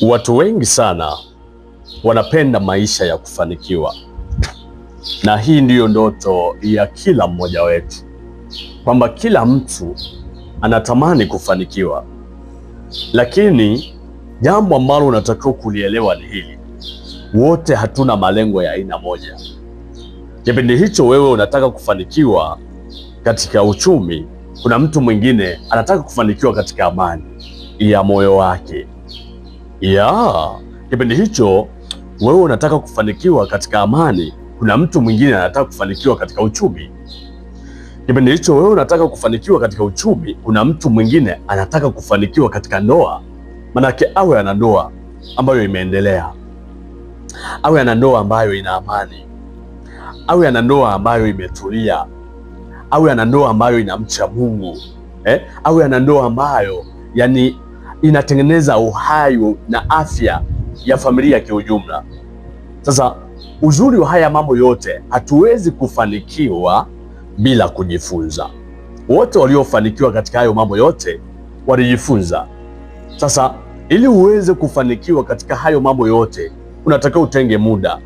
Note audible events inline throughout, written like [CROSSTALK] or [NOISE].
Watu wengi sana wanapenda maisha ya kufanikiwa, na hii ndiyo ndoto ya kila mmoja wetu, kwamba kila mtu anatamani kufanikiwa. Lakini jambo ambalo unatakiwa kulielewa ni hili, wote hatuna malengo ya aina moja. Kipindi hicho wewe unataka kufanikiwa katika uchumi, kuna mtu mwingine anataka kufanikiwa katika amani ya moyo wake ya Kipindi hicho wewe unataka kufanikiwa katika amani, kuna mtu mwingine anataka kufanikiwa katika uchumi. Kipindi hicho wewe unataka kufanikiwa katika uchumi, kuna mtu mwingine anataka kufanikiwa katika ndoa. Manake awe ana ndoa ambayo imeendelea, awe ana ndoa ambayo ina amani, awe ana ndoa ambayo imetulia, awe ana ndoa ambayo inamcha Mungu eh? awe ana ndoa ambayo yani inatengeneza uhai na afya ya familia kiujumla. Sasa uzuri wa haya mambo yote, hatuwezi kufanikiwa bila kujifunza. Wote waliofanikiwa katika hayo mambo yote walijifunza. Sasa ili uweze kufanikiwa katika hayo mambo yote, unatakiwa utenge muda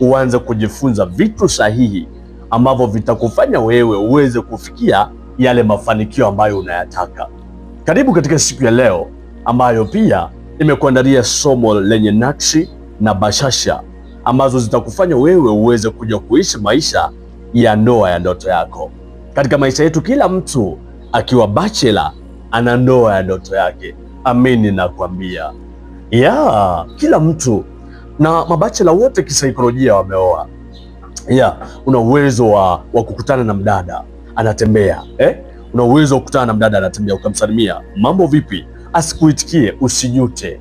uanze kujifunza vitu sahihi ambavyo vitakufanya wewe uweze kufikia yale mafanikio ambayo unayataka. Karibu katika siku ya leo ambayo pia imekuandalia somo lenye nakshi na bashasha ambazo zitakufanya wewe uweze kuja kuishi maisha ya ndoa ya ndoto yako. Katika maisha yetu, kila mtu akiwa bachelor ana ndoa ya ndoto yake. Amini nakwambia, ya kila mtu na mabachela wote kisaikolojia wameoa. ya una uwezo wa, wa kukutana na mdada anatembea eh? Una uwezo wa kukutana na mdada anatembea ukamsalimia, mambo vipi? asikuitikie, usijute,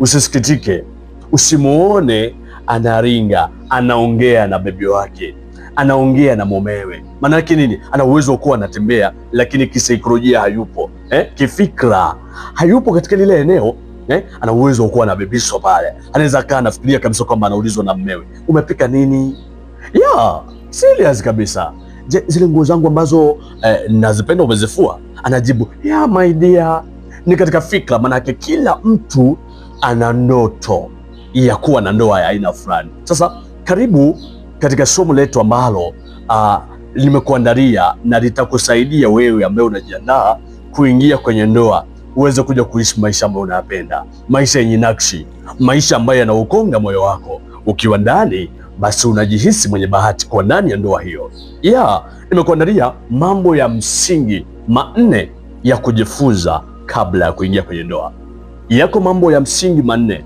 usisikitike, usimuone anaringa, anaongea na bebi wake, anaongea na mumewe. Maana yake nini? Ana uwezo kuwa anatembea, lakini kisaikolojia hayupo eh? Kifikra hayupo katika lile eneo eh? Ana uwezo kuwa anabebishwa pale, anaweza kaa anafikiria kabisa kwamba anaulizwa na mmewe, umepika nini? Yeah, serious kabisa. Je, zile nguo zangu ambazo eh, nazipenda umezifua? Anajibu yeah, my dear ni katika fikra, maanake kila mtu ana ndoto ya kuwa na ndoa ya aina fulani. Sasa karibu katika somo letu ambalo uh, limekuandalia na litakusaidia wewe ambaye unajiandaa kuingia kwenye ndoa uweze kuja kuishi maisha ambayo unayapenda, maisha yenye nakshi, maisha ambayo yanaukonga moyo wako. Ukiwa ndani, basi unajihisi mwenye bahati kuwa ndani ya ndoa hiyo. Yeah, nimekuandalia mambo ya msingi manne ya kujifunza kabla ya kuingia kwenye ndoa. Yako mambo ya msingi manne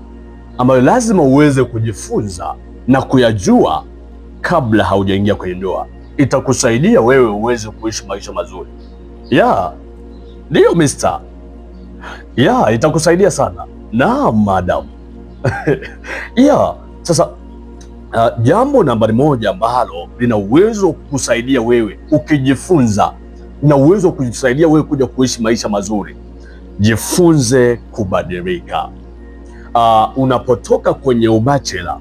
ambayo lazima uweze kujifunza na kuyajua kabla haujaingia kwenye ndoa, itakusaidia wewe uweze kuishi maisha mazuri. Ya ndiyo mister, ya itakusaidia sana na madam [LAUGHS] ya sasa Uh, jambo nambari moja ambalo lina uwezo kusaidia wewe ukijifunza, na uwezo wa kujisaidia wewe kuja kuishi maisha mazuri jifunze kubadilika. Uh, unapotoka kwenye ubachela